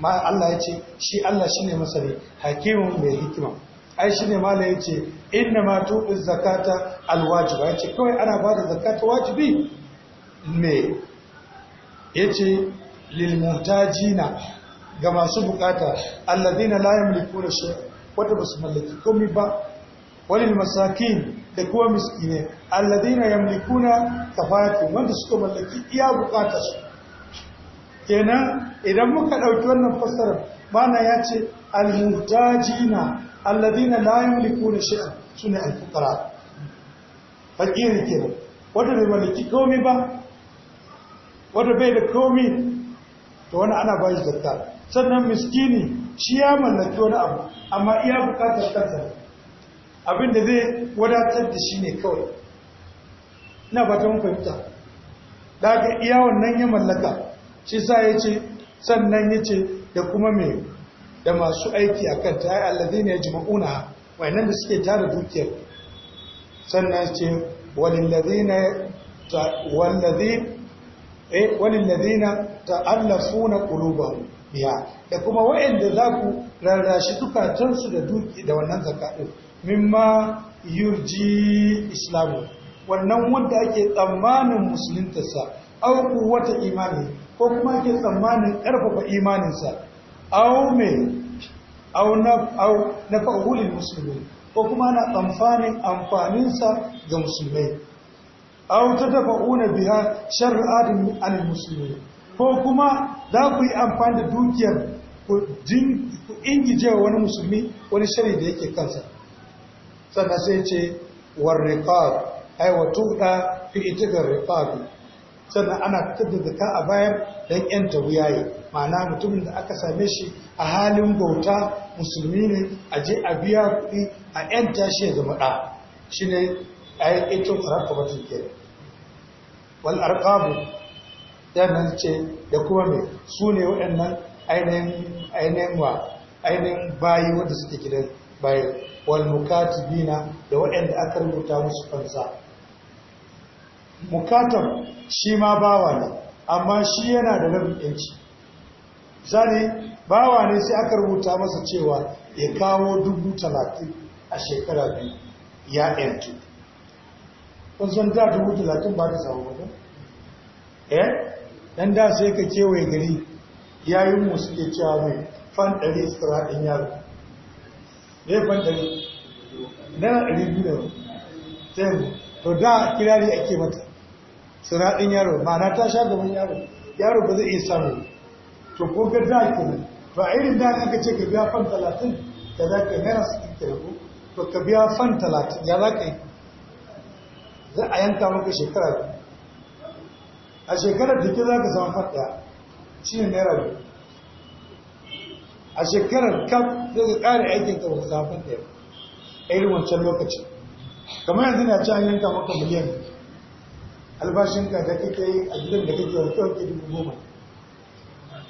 ma Allah ya ce shi Allah shine masani hakimin mai hikima ai shine mala yace inna ma tu'u zakata alwajiba yace kawai ana bada zakata wajibi me yace lil muhtajina ga masu bukata alladhina la yamlikuna shay'a wata basu mallaki komai ba walil masakin da kuma miskine alladhina yamlikuna kafatu wanda suka mallaki iya bukata su kenan idan muka dauki wannan fassara bana yace almuhtajina alladina la yamlikuna shi'a sune al-fuqara fakiri kenan wanda bai maliki komi ba wanda bai da komi? to wani ana ba shi zakka sannan miskini shi ya mallaki wani abu amma iya bukatar kansa abin da zai wadatar da shi ne kawai ina ba ta fahimta da ga iya wannan ya mallaka shi sa ya ce sannan ya ce da kuma mai da masu aiki a kan ta allazi ne jima'una wainan da suke tara dukiyar sannan ce eh, ta’allafu na qulubahum biya da kuma da za ku rarrashi dukatansu da duki da wannan zakaɗo mimma yurji islamu wannan wanda ake tsammanin musulintarsa auku wata imani ko kuma ake tsammanin ƙarfafa imaninsa au me au na fa'ulil musulmi ko kuma na amfanin amfaninsa ga musulmai au ta tafa'una biya shar'adin anil musulmi ko kuma za ku yi amfani da dukiyar ku ingije wani musulmi wani shari da yake kansa sannan sai ce warriqab ai wa tuda fi itigar riqab sannan ana tabbata a bayan dan yan tawiyaye ma'ana mutumin da aka same shi a halin bauta musulmi ne a je a biya kuɗi a ‘yanta shi ya zama ɗa shi ne a yi ƙeto rakabatun kenan wal arqabu yana ce da kuma mai su ne waɗannan ainihin wa ainihin bayi wanda suke gidan bayi wal mukatibina da waɗanda aka rubuta musu fansa mukatab shi ma bawa ne amma shi yana da rabin misali bawa ne sai aka rubuta masa cewa ya kawo dubu talatin a shekara biyu ya yantu kun da dubu talatin ba ta samu ba eh dan da sai ka kewaye gari ya yi mu suke cewa mai fan ɗari suka ɗin yaro ne fan ɗari na ɗari biyu da sai to da kirari ake mata sura ɗin yaro ma'ana ta sha gaban yaro yaro ba zai iya samu to ko ga da kenan to a irin da aka ce ka biya fan 30 da za ka naira sittin ta yabo to ka biya fan 30 ya za ka yi za a yanka maka shekara biyu a shekarar da ke za ka zama fan ɗaya shi ne naira biyu a shekarar kaf sai ka ƙare aikin ka ba ka samu fan ɗaya a irin wancan lokacin kamar yanzu na ci an yanka maka miliyan albashinka da kake yi a gidan da kake kyau ke dubu goma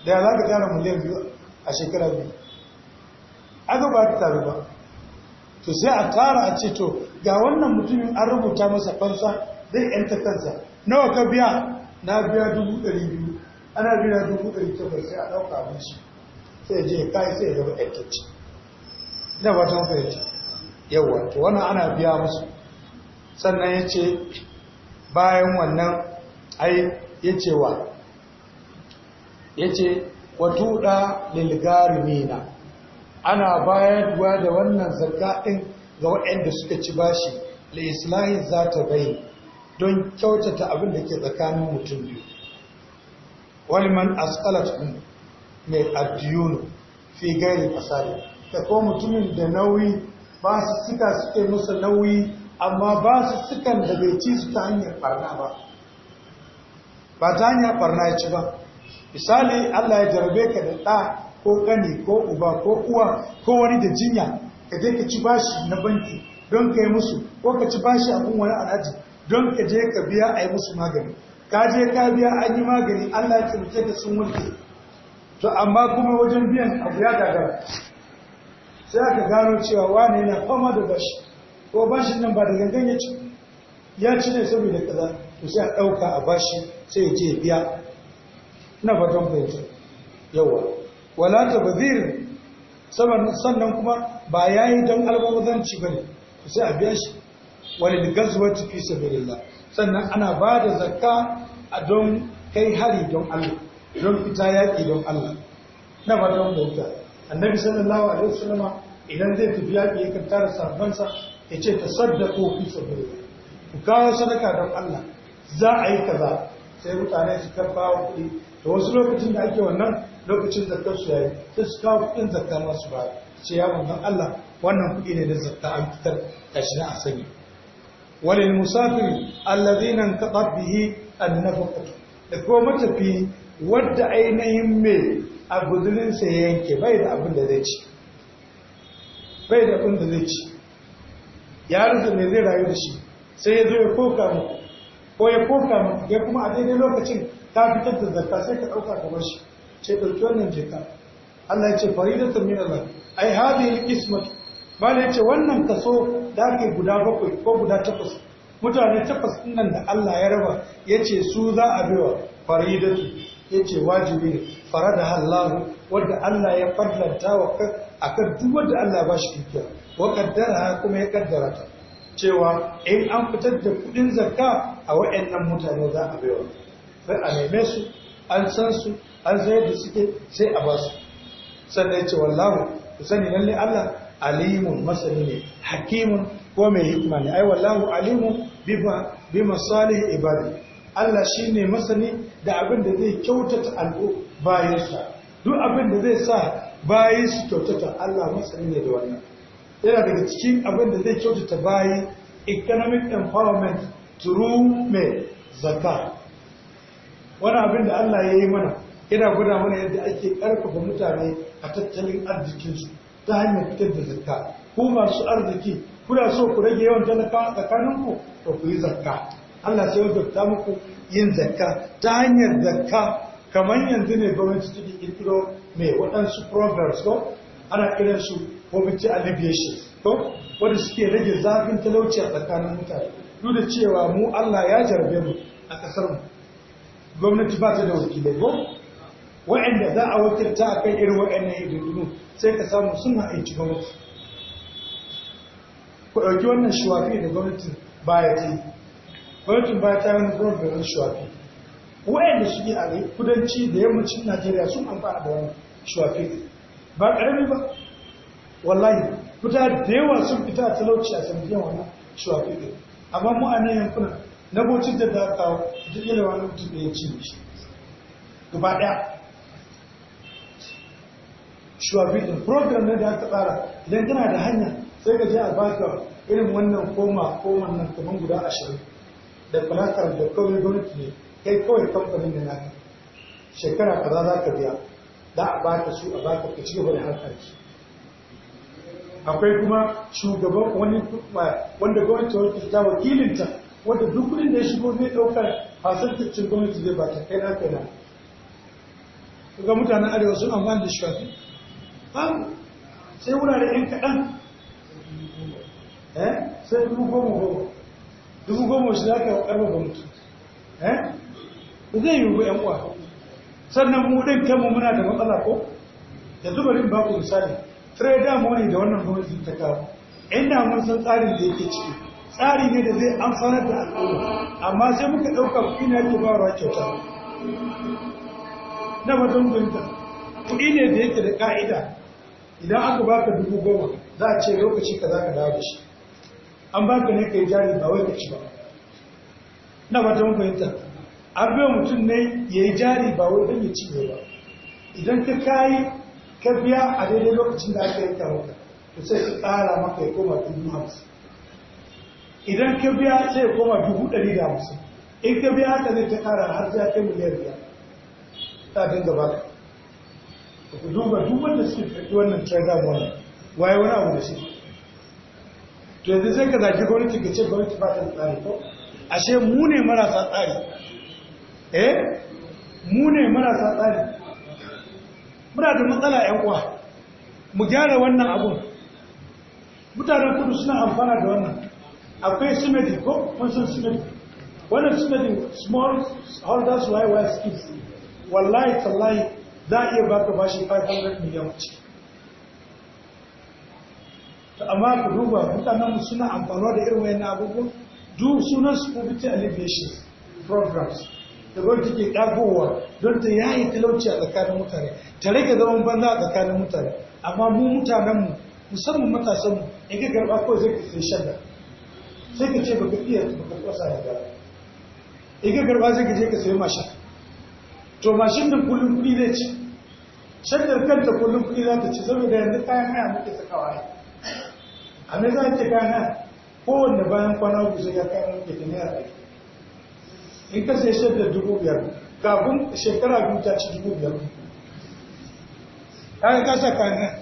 da ya za ka tara miliyan biyu a shekara biyu aka ba ta taru ba to sai a tara a ce to ga wannan mutumin an rubuta masa fansa zai yanta kansa nawa ka biya na biya dubu ɗari biyu ana biya dubu ɗari takwas sai a ɗauka abin shi sai je kai sai ya zama ɗaukacci da ba ta fahimta yawa to wannan ana biya musu sannan ya ce bayan wannan ai ya ce wa yace watuda lil garimina ana bayarwa da wannan zakka din ga waɗanda suka ci bashi li islahi zata bai don kyautata abin da ke tsakanin mutum biyu Wani man waliman ɗin mai addiyunu fi gairi fasari. da ko mutumin da nauyi ba su suka suke musu nauyi amma ba su sukan da bai ci su ta hanyar barna ba ba ta hanyar barna ya ci ba misali Allah ya jarabe ka da ɗa ko ƙani ko uba ko uwa ko wani da jinya ka je ka ci bashi na banki don ka yi musu ko ka ci bashi a wani alhaji don ka je ka biya a yi musu magani ka je ka biya an yi magani Allah ya taimake ka sun mulki to amma kuma wajen biyan abu ya gagara sai aka gano cewa wane yana fama da bashi ko bashi nan ba da gangan ya ci ya ci ne saboda kaza to sai a ɗauka a bashi sai ya je biya na fatan fahimta yawa wala ta bazir sannan kuma ba ya yi don ci ba ne sai a biya shi wani gazuwar fi sabirillah sannan ana ba da zakka a don kai hari don Allah don fita yaƙi don Allah na fatan fahimta annabi sallallahu alaihi wasallama idan zai tafi yaƙi ya kanta da sabansa ya ce ta saddako fi sabirillah ku kawo sadaka don Allah za a yi kaza sai mutane su karba wa kuɗi da wasu lokacin da ake wannan lokacin zakar su yayi sai su kawo kuɗin zakka ma su ba ce ya manzon Allah wannan kuɗi ne da zakka an fitar kashi na a sani walil musafiri alladhina inqata bihi an-nafaqatu da kuma matafi wadda ainihin me a gudunin sa yanke bai da abin da zai ci bai da abin da zai ci ya rufe me zai rayu da shi sai ya zo ya koka muku ko ya koka ya kuma a daidai lokacin ta fitar da zarta sai ka ɗauka ka bar shi ce ɗauki wannan jeka Allah ya ce faridatun min Allah ai hadhihi al-qismat bala ya ce wannan kaso da ake guda bakwai ko guda takwas mutane takwas din da Allah ya raba ya ce su za a baiwa faridatu ya ce wajibi ne farada Allah wanda Allah ya farlanta wa akan duk wanda Allah ba shi dukiya wa kaddara kuma ya kaddara ta cewa in an fitar da kudin zakka a waɗannan mutane za a baiwa sai a neme su an san su an zai da suke sai a ba su sannan ce wallahu ku sani lalle Allah alimun masani ne hakimun ko mai hikima ne ai wallahu alimun bima bima salih ibadi Allah shine masani da abin da zai kyautata al'u bayansa duk abin da zai sa bayi su kyautata Allah masani ne da wannan yana daga cikin abin da zai kyautata bayi economic empowerment through me zaka. wani abin da Allah ya yi mana yana guda mana yadda ake ƙarfafa mutane a tattalin arzikinsu ta hanyar fitar da zaka. ku masu arziki kuna so ku rage yawan a tsakaninku to ku yi zakka Allah sai ya dokta muku yin zakka ta hanyar zakka kamar yanzu ne gwamnati take kirkiro mai waɗansu programs ko ana kiransu ko bici alleviation ko wanda suke rage zafin talauci a tsakanin mutane duk da cewa mu Allah ya jarbe mu a kasar mu gwamnati ba ta da wakilai ko wa'anda za a wakilta a kan irin wa'annan hidindunu sai ka samu suna aiki gwamnati ku ɗauki wannan shuwafi da gwamnatin baya ta yi gwamnatin baya ta yi wani gwamnatin shuwafi wa'anda suke a kudanci da yammacin najeriya sun amfana da wani shuwafi ba ƙarami ba wallahi fita da yawa sun fita a talauci a sanadiyar wannan shugabi amma mu a yankunan na bocin da za ka duk yana wani mutum da ya ci shi gaba ɗaya shugabi ɗin program ne da aka tsara idan tana da hanya sai ka je a baka irin wannan koma ko wannan kamar guda ashirin da falatar da kawai gwamnati ne kai kawai kamfanin da naka shekara kaza za ka biya za a baka su a baka ka ci gaba da harkar akwai kuma shugaban wani eh, wanda gwamnati wata ta wakilinta wanda duk kudin da ya shigo zai ɗaukar hasantaccen gwamnati zai ba ta kai na kai na ga mutanen arewa sun amfani da shafi an sai wurare yan kaɗan eh, sai dubu goma goma dubu goma shi za ka ƙarfafa mutum eh, ba zai wa yan uwa sannan mu ɗin kanmu muna da matsala ko yanzu bari in ba ku misali sai damu ne da wannan gwamnati ta kawo in da mun san tsarin da yake ciki tsari ne da zai amfanar da al'umma amma sai muka ɗauka kuɗi na yake ba wa kyauta na wajen gwamnati kuɗi ne da yake da ƙa'ida idan aka baka dubu goma za a ce lokaci ka za ka dawo da shi an baka ne ka yi jari ba wai ka ci ba na wajen gwamnati abin mutum ne ya yi jari ba wai don ya ci ba idan ka kayi ka biya a daidai lokacin da aka yi tarauta to sai su tsara maka ya koma dubu hamsin idan ka biya sai ya koma dubu ɗari da hamsin in ka biya haka zai ta kara har sai kai miliyar biya ta dinga baka ku duba duk wanda suke fi wannan trader money waye wani abu da shi to yanzu sai ka zaki gwamnati ka ce gwamnati ba ta tsari ko ashe mu ne marasa tsari eh mu ne marasa tsari muna da matsala yan uwa mu gyara wannan abun mutanen kudu suna amfana da wannan akwai simedi ko kwanson simedi wannan simedi small holders yy skills wallahi tallahi za a iya baka shi 500 miliyan wuce amma ku duba mutanen suna amfano da irin wayan abubuwan duk sunan su poverty alleviation programs da gwamnati take ɗagowa don ta yayi talauci a tsakanin mutane ta rage zaman banza a tsakanin mutane amma mu mutanenmu musamman matasanmu in ka karɓa kawai zai ka sai shan sai ka ce ba ka iya ba ka kwasa ya gara in ka karɓa zai ka je ka sai mashin to mashin da kullum kuɗi zai ci shaddar kanta kullum kuɗi za ta ci saboda yanzu kayan haya muke sakawa ya a me za ta kayan haya kowanne bayan kwana uku sai ya kayan muke ta naira ɗari in ka sai da dubu biyar kafin shekara biyu ta ci dubu biyar kayan kasa kayan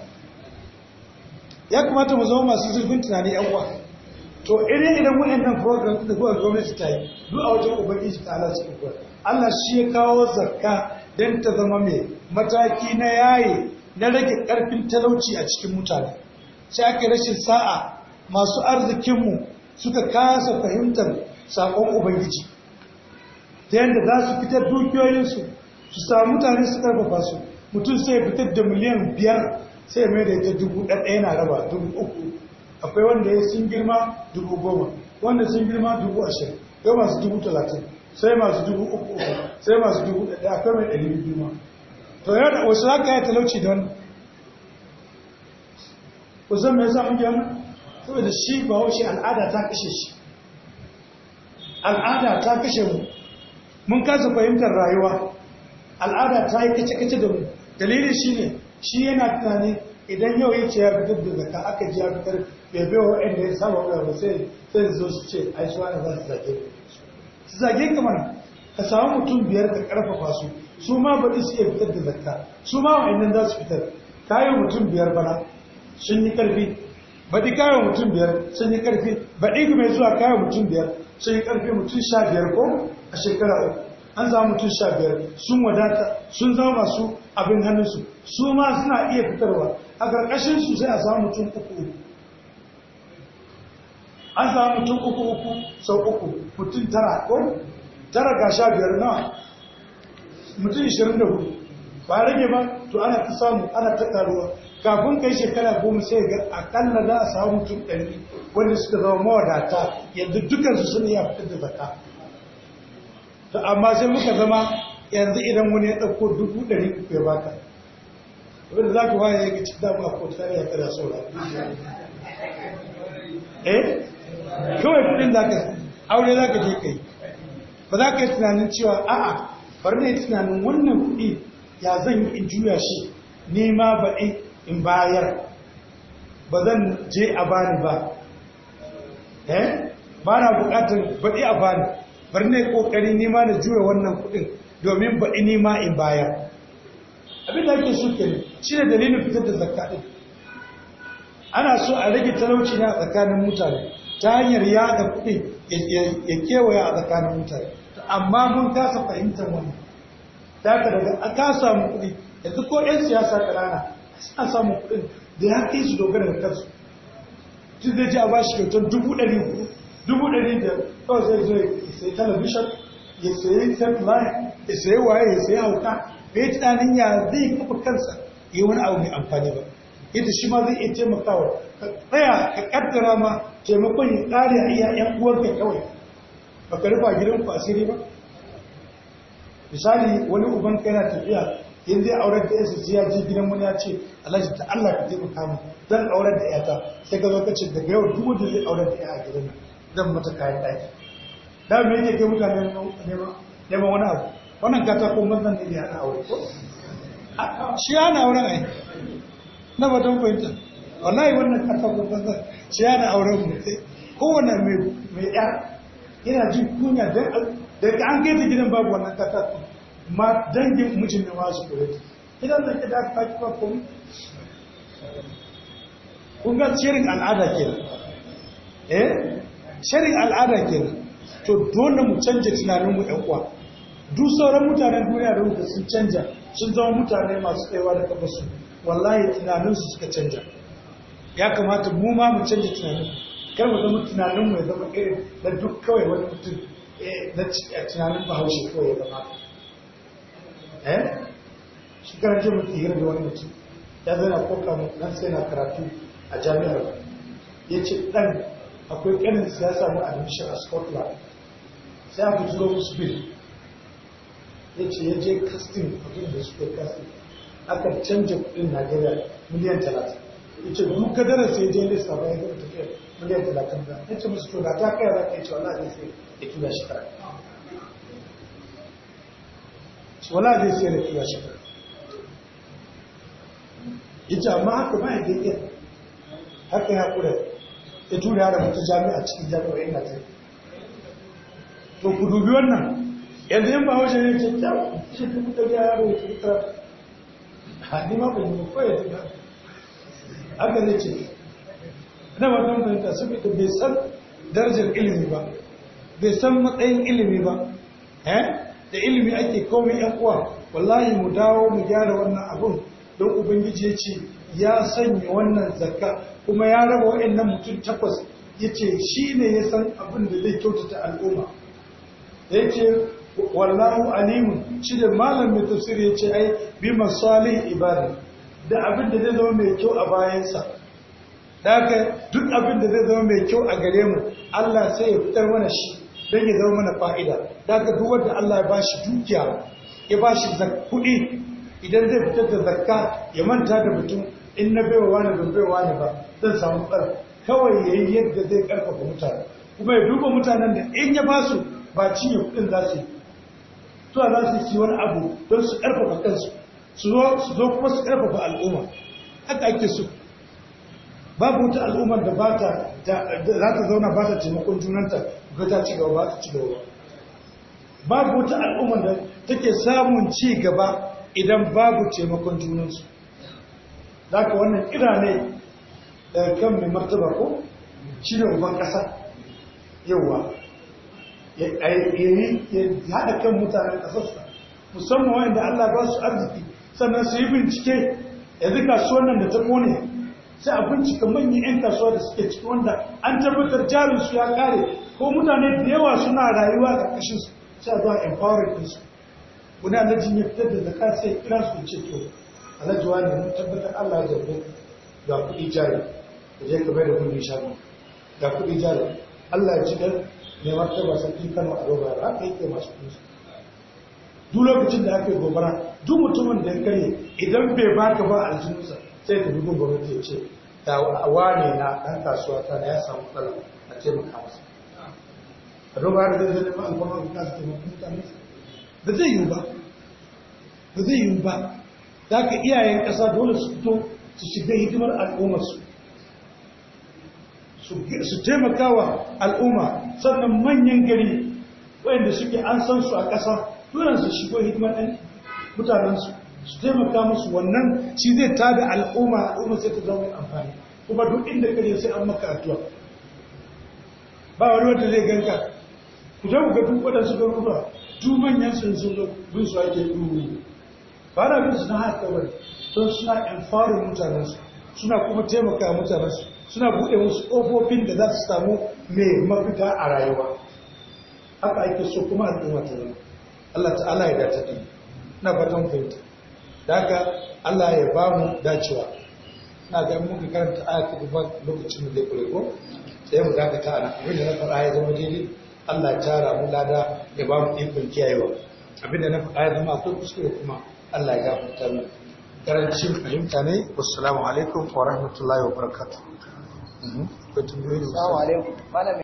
ya kamata mu zama masu zurfin tunani yan uwa to irin idan wayannan program da kuwa gwamnati ta yi duk a wajen ubangiji ta ala cikin kuwa Allah shi ya kawo zarka don ta zama mai mataki na yaye na rage karfin talauci a cikin mutane sai aka rashin sa'a masu arzikinmu suka kasa fahimtar saƙon ubangiji ta yadda za su fitar dukiyoyinsu su samu mutane su karfafa su mutum sai fitar da miliyan biyar sai mai da ita dubu ɗaɗɗaya na raba dubu uku akwai wanda ya sun girma dubu goma wanda sun girma dubu ashirin ya masu dubu talatin sai masu dubu uku uku sai masu dubu ɗaɗɗaya akwai mai ɗari biyu ma to yana da wasu haka ya talauci don kusan mai sa muke wannan saboda shi ba wace al'ada ta kashe shi al'ada ta kashe mu mun kasa fahimtar rayuwa al'ada ta yi kace-kace da mu dalilin shi ne shi yana tunani idan yau ya ce ya fitar da zaka aka ji ya fitar bai bai wa inda ya saba wa sai sai zo su ce ai su wani za su zage su zage ka mana ka samu mutum biyar ka karfafa su su ma baɗi su iya fitar da zakka su ma wa'annan za su fitar kayan mutum biyar bana sun yi karfi baɗi kayan mutum biyar sun yi karfi baɗi kuma zuwa kayan mutum biyar sai karfe mutum sha biyar ko a shekara uku an zama mutum sha biyar sun wadata sun zama masu abin hannunsu su ma suna iya fitarwa a ƙarƙashin su sai a za mutum uku uku an za mutum uku uku sau uku mutum tara ko tara ga sha biyar na mutum ishirin da hudu ba rage ba to ana ta samu ana ta ƙaruwa kafin kai shekara goma sai ga akalla za a samu mutum ɗari wanda suka zama mawadata yanzu dukansu sun iya fitar da zaka to amma sai muka zama yanzu idan wani ya ɗauko dubu ɗari uku ya baka wanda eh? za ka waye ga cikin damu a kotare ya kada saura eh kawai kudin za ka aure za ka je kai ba za ka yi tunanin cewa a'a bari ne tunanin wannan kuɗi ya zan yi in juya shi nema baɗi in bayar ba zan je a bani ba eh ba na bukatar baɗi a bani bar ne ƙoƙari nima na jure wannan kuɗin domin baɗi nima in bayar abin da ake so kenan shi ne dalilin fitar da zakka ɗin ana so a rage talauci na tsakanin mutane ta hanyar ya da kuɗi ya kewaye a tsakanin mutane amma mun kasa fahimtar wannan ka daga a kasa mu kuɗi yanzu ko 'yan siyasa ƙanana suna samun kuɗin da ya kai su dogara da kansu tun zai ji a ba shi kyautar dubu ɗari hudu dubu ɗari da kawai zai zai ya sayi talabishin ya sayi ya sayi waye ya sayi hauka da ya tunanin ya zai kafa kansa ya wani abu mai amfani ba yadda shi ma zai iya taimakawa ka tsaya ka kaddara ma taimakon ya ƙare a iya ‘yan uwanka kawai ba ka rufa gidan ku asiri ba misali wani uban yana tafiya in zai aurar da yansu sai ya je gidan ya ce alhaji ta Allah ka zai mu don aurar da yata sai ka zo ka ce daga yau duk wanda zai aurar da ya a gidan don mata kayan ɗaki da me yake kai mutane neman wani abu wannan katako mazan ne da ana aure ko shi ana aure. ne na fatan fahimta wallahi wannan katako mazan shi ana aure ne sai kowane mai mai yar yana jin kunya don ka an kai ta gidan babu wannan katako ma dangin mijin ne wasu kure idan da kida ka ki ba kun kun ga shirin al'ada kenan eh shirin al'ada kenan to dole mu canja tunanin mu ɗan uwa duk sauran mutanen duniya da muka sun canja sun zama mutane masu tsayawa da kafasu wallahi tunaninsu suka canja ya kamata mu ma mu canja tunanin kar mu zama tunaninmu ya zama irin da duk kawai wani mutum eh, na eh, tunanin bahaushe kawai ya zama eh shi karanta mutum hira da wani mutum ya zana koka nan sai na karatu a jami'ar ya ce ɗan akwai ƙanin siyasa mu admission a scotland sai aka turo musu bil ya ce ya je casting a kudin da suke casting aka canja kudin nigeria miliyan talatin ya ce duk gadara sai je lissa bayan gaba tafiya miliyan talatin da ya ce musu to da ta kai za ka yi cewa na zai sai ya tura shi kara wala zai sai da kiwa shi ita amma haka ba ya daidai haka ya kura ya tura yara mutu jami'a cikin jami'o'in na yi. to ku dubi wannan yanzu yin ba wajen ne cikin kyau shi ta kuta biya yaro ya tuta hannu ma ba yi kawai ya haka ne ce na ba don fahimta su fita bai san darajar ilimi ba bai san matsayin ilimi ba eh da ilimi ake komai yan uwa wallahi mu dawo mu gyara wannan abun don ubangiji ya ce ya sanya wannan zakka kuma ya raba waɗannan mutum takwas ya ce shi ne ya san abin da zai kyautata al'umma ya ce wallahu alimu shi da malam mai tafsiri ya ce ai bi masalih ibada da abin da zai zama mai kyau a bayansa da duk abin da zai zama mai kyau a gare mu Allah sai ya fitar mana shi don ya zama mana fa'ida da ka duk wanda Allah ya ba shi dukiya ya ba shi kuɗi idan zai fitar da zakka ya manta da mutum in na baiwa wani ban baiwa ne ba zan samu ƙar kawai ya yi yadda zai ƙarfafa mutane kuma ya duba mutanen da in ya ba su ba cinye kuɗin za su yi zuwa za su yi wani abu don su ƙarfafa kansu su zo kuma su ƙarfafa al'umma haka ake so babu wata al'ummar da za ta zauna ba ta taimakon junanta ga ta ci gaba ba ta ci gaba babu wata al'ummar da take samun ci gaba idan babu taimakon junansu za ka wannan ira ne da kan mai martaba ko cire ne uban ƙasa yauwa ya haɗa kan mutanen ƙasarsa musamman wa'anda Allah ba su arziki sannan su yi bincike ya zika su wannan da ta ƙone sai a bincika manyan 'yan kasuwa da suke ciki wanda an tabbatar jarin su ya kare ko mutane da yawa suna rayuwa da kashin su sai a zuwa empowering ɗinsu wani alhaji ya fitar da zaka sai kira su ce to alhaji wani mun tabbatar Allah ya zaɓe ga kuɗi jari da je ka da kuɗi shagon ga kuɗi jari Allah ya ci dan mai martaba sarki Kano a roba ba yi yake masu kuɗi duk lokacin da aka yi gobara duk mutumin da ya kare idan bai baka ba aljinsa sai ta bugun gwamnati ya ce da wane na ɗan kasuwa ta ya samu kala a ce maka masa a duba har zai zai ma'an kuma kuma su taimakon mutane ba zai yiwu ba ba zai yiwu ba za ka iyayen ƙasa dole su fito su shiga hidimar al'ummarsu su taimaka wa al'umma sannan manyan gari wayanda suke an san su a ƙasa dole su shigo hidimar ɗan mutanensu su taimaka musu wannan shi zai tada al'umma al'umma sai ta zama amfani kuma duk inda kare sai an maka atuwa ba wani wanda zai ganka ku je ku ga duk waɗansu garuruwa duk manyan sun sun zo bin su ake yi ba na bin su na haka kawai don suna emfarin mutanensu suna kuma taimaka mutanensu suna buɗe musu ƙofofin da za su samu mai mafita a rayuwa haka ake so kuma al'umma ta zama Allah ta'ala ya dace da na fatan fahimta daga Allah ya ba mu dacewa na ga ga karanta ayatul dubban lokacin da kure ko sai mu ta ana abinda na fara ya zama daidai Allah ya tara mu lada ya ba mu ikon kiyayewa abinda na fara ya ma ko kuskure kuma Allah ya gafarta mu karancin fahimta ne assalamu alaikum wa rahmatullahi wa barakatuh mhm.